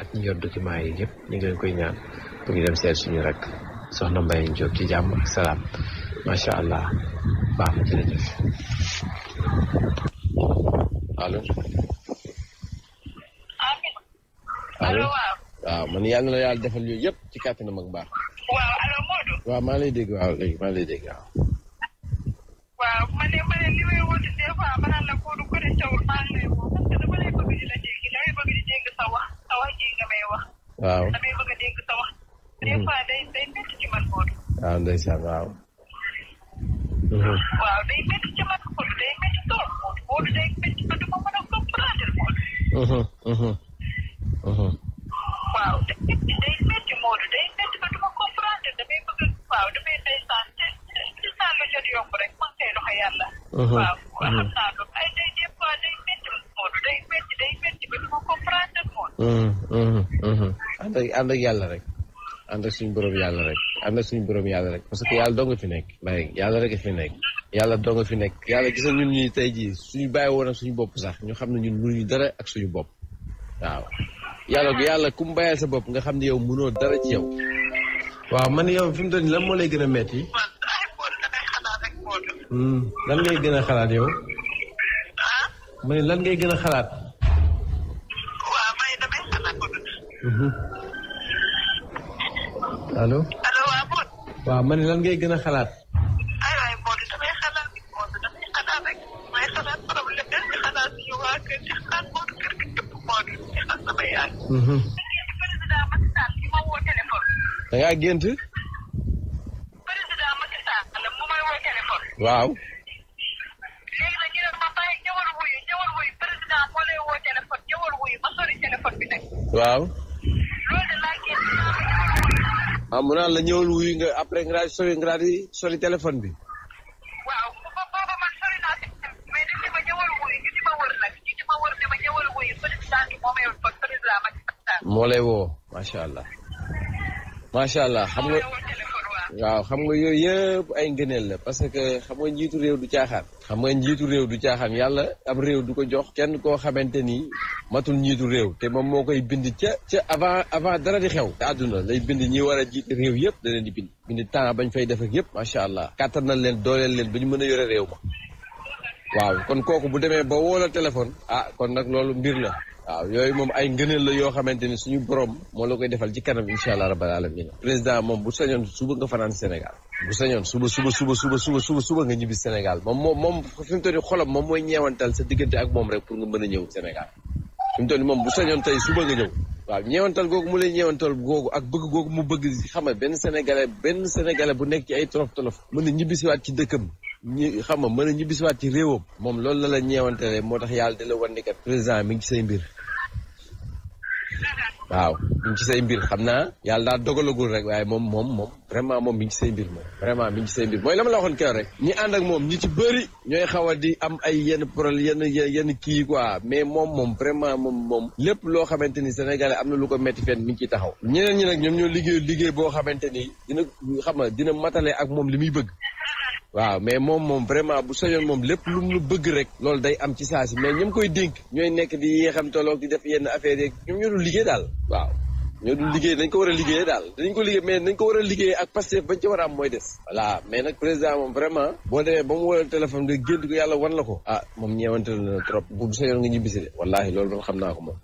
ak ñi yor document yi yépp ñu ngi leen koy ñaan pour ñu dem seet suñu rek soxna mbay ci ak allah baax na jërëjëf allo allo waaw man yàlla na yàlla defal yooyu yépp ci kàttanam ak baax waaw allo Modou waaw maa lay dégg waaw léegi maa lay dégg waaw waaw ma ne ma ne li may woote des ma naan la ko ne lay parce que dama lay bëgg di la bëgg di sa wax wax ji nga may wax. waaw damay bëgg a dégg sa wax. des mhm. fois day day métti ci man Modou. waaw ndeysaan waaw. Mhm. Mhm. waaw day métti ci man Modou day métti trop Modou Modou day métti ba du ma mën a comprendre Modou. waaw day métti day métti Modou day métti ba du ma comprendre damay bëgg waaw damay ndeysaan te te saa lu jot yomb rek man kay doxe yàlla. waaw xam naa Mm, mm, mm. ànd ak ànd ak yàlla rek ànd ak suñu borom yàlla rek ànd ak suñu borom yàlla rek parce que yàlla doo fi nekk bàyyi yàlla rek a fi nekk yàlla doo fi nekk yàlla gis ñun ñuy tey jii suñu bàyyi woon ak suñu bopp sax ñu xam ne ñun mënuñu dara ak suñu bopp waaw yàlla yàlla ku mu bàyyal sa bopp nga xam ne yow mënoo dara ci yow waaw man yow fi mu toll nii lan moo lay gën a metti hmm, lan ngay gën a xalaat yow ah? ma lan ngay gën a xalaat allo. allo waa Pod. waaw man lan ngay gën a xalaat. ay waay Pod damay xalaat Pod damay xalaat rek may xalaat problème bi di xalaat ñu waa kër di xalaat Pod kër gi dëpp Pod di xas sama yaay. Mhm. président Macky Sall bi ma woo téléphone. da ngaa gént. président Macky Sall mu may woo téléphone. waaw. léegi nag ñu ne ma bàyyi ñëwal wuyu ñëwal wuyu président moo lay woo téléphone ñëwal wuyu ma sori téléphone bi nag. waaw. ah mu naan la ñëwal après nga daal sori téléphone bi. waaw booba booba man sori naa si mais dañ ne ma ñëwal wuyu ñu lay woo macha allah macha allah waaw xam nga yooyu yëpp ay ngëneel la parce que xam nga njiitu réew du caaxaan. xam nga njiitu réew du caaxaan yàlla ab réew du ko jox kenn koo xamante ni matul njiitu réew te moom moo koy bind ca ca avant avant dara di xew. te àdduna lay bind ñi war a jiite réew yëpp da di bind bind temps bañ fay def ak yëpp macha allah. kàttan na leen dooleel leen ba ñu mën a yore réew ma waaw kon kooku bu demee ba woo la téléphone. ah kon nag loolu mbir la. waaw yooyu moom ay ngëneel la yoo xamante ni suñu borom moo la koy defal ci kanam incha allah rabal alamin président moom bu sañoon suba nga fanaan Sénégal bu sañoon suba suba suba suba suba suba suba nga ñibbi Sénégal moom moom moom fi mu toll moom mooy ñeewantal sa diggante ak moom rek pour nga a ñëw Sénégal fi mu toll nii moom bu sañoon tey suba nga ñëw waaw ñeewantal googu mu lay ñeewantal googu ak bëgg googu mu bëgg xam nga benn sénégalais benn sénégalais bu nekk ci ay tolof tolof mën a ñibbisiwaat ci dëkkam ñi xam nga mën a ñibbisiwaat ci réewam moom loolu la la ñeewantelee moo tax yàlla di la wan ni kat président mi ngi ci say mbir waaw mi ngi ci say mbir xam naa yàlla daa dogalagul rek waaye moom moom moom vraiment moom mi ngi ci say mbir moom vraiment mi ngi ci say mbir mooy la ma la waxoon rek ñi ànd moom ñi bëri ñooy xaw a di am ay yenn problème yenn yenn kii quoi mais moom moom vraiment moom moom lépp loo xamante ni sénégalais am na lu ko métti fenn mi ngi ciy taxaw ñeneen ñi nag ñoom ñoo liggéey liggéey boo xamante ni dina xam nga dina matale ak moom li muy bëgg waaw mais moom moom vraiment bu soñoon moom lépp lu mu bëgg rek loolu day am ci saa si mais ñoom koy dénk ñooy nekk di yéexam toloog di def yenn affaire yeeg ñoom ñoo dul liggéey daal waaw ñoo dul ko war a liggéey daal dañ ko liggéey mais dañ ko war a liggéey ak Pastef bañ ci war a am mooy des voilà mais nag président moom vraiment boo demee ba mu woyoon téléphone ko yàlla wan la ko ah moom ñeewante trop bu soñoon nga ñibbisi de wallaahi loolu man xam naa ko moom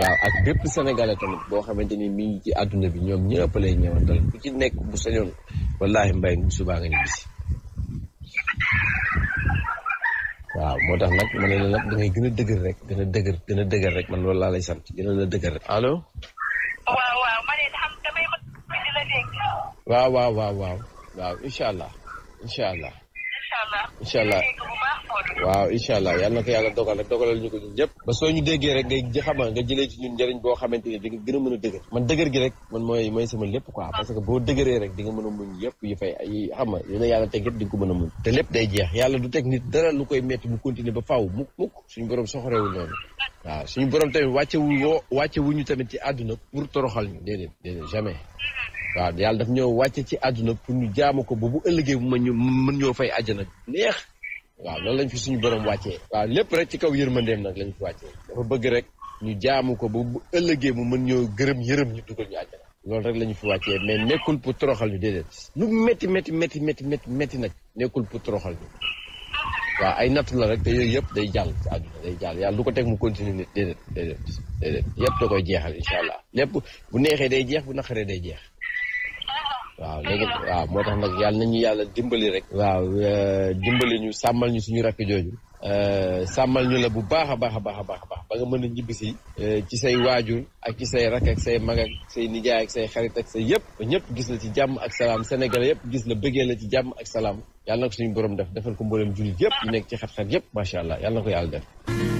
waaw ak bépp sénégalais tamit boo xamante ni mi ci àdduna bi ñoom ñëpp lay ñëwantal ku ci nekk bu sañoon wallaahi mbay mi subaa nga ñibbi si waaw moo tax nag ma ne nag da ngay a dëgër rek gën a dëgër gën dëgër rek man loolu laa lay sant gën dëgër rek waaw waaw ma ne xam damay ma di la dégg. waaw waaw waaw waaw incha allah incha allah. incha allah. waaw incha allah yal na ko yàlla dogal rek dogalal ñu ko ñun ñëpp ba soo ñu déggee rek ngay xama nga jëlee ci ñun njëriñ boo xamante ne di nga gën a mën a rek man mooy mooy sama lépp quoi que boo dëgëree rek di nga mën a muñ yëpp yi fay yi xama yi la yàlla teg yëpp di du teg nit dara lu koy metti mu continuer ba faaw mukk mukk suñu borom soxorewul noonu waaw suñu borom tamit ci àdduna pour toroxal ñu déedéet déedéet jamais waaw yàlla daf ñëw wàcce ci àdduna pour ñu jaamu ko ba bu ëllëgee bu ma ñu mën ñoo fay àjjana neex waaw loolu lañ fi suñu borom wàccee waaw lépp rek ci kaw yërmandeem nag lañ fi wàccee dafa bëgg rek ñu jaamu ko bu ëllëgee mu mën ñëw gërëm yërëm ñu dugal ñu àjjana loolu rek lañu ñu fi wàccee mais nekkul pour toroxal ñu déedéet lu métti métti métti métti métti métti nag nekkul pour toroxal ñu waaw ay nattu la rek te yëpp day jàll ci àdduna day jàll yàlla du ko teg mu continuer nit déedéet déedéet déedéet yëpp da koy jeexal incha allah lépp bu neexee day jeex bu naqaree day jeex waaw léegi waaw moo tax nag yàlla ñu yàlla dimbali rek. waaw euh, dimbali ñu sàmmal ñu suñu rakk jooju. Euh, sàmmal ñu la bu baax a baax a baax a baax ba nga mën a ñibbisi euh, ci say waajur ak ci say rakk ak say mag ak say nijaay ak say xarit ak say yëpp ñëpp gis la ci jàmm ak salaam Sénégal yëpp gis la bëggee la ci jàmm ak salaam yàlla na ko suñu borom def defal ko mboolem jullit yëpp ñu nekk ci xat-xat yëpp macha allah yàlla ko yàlla def.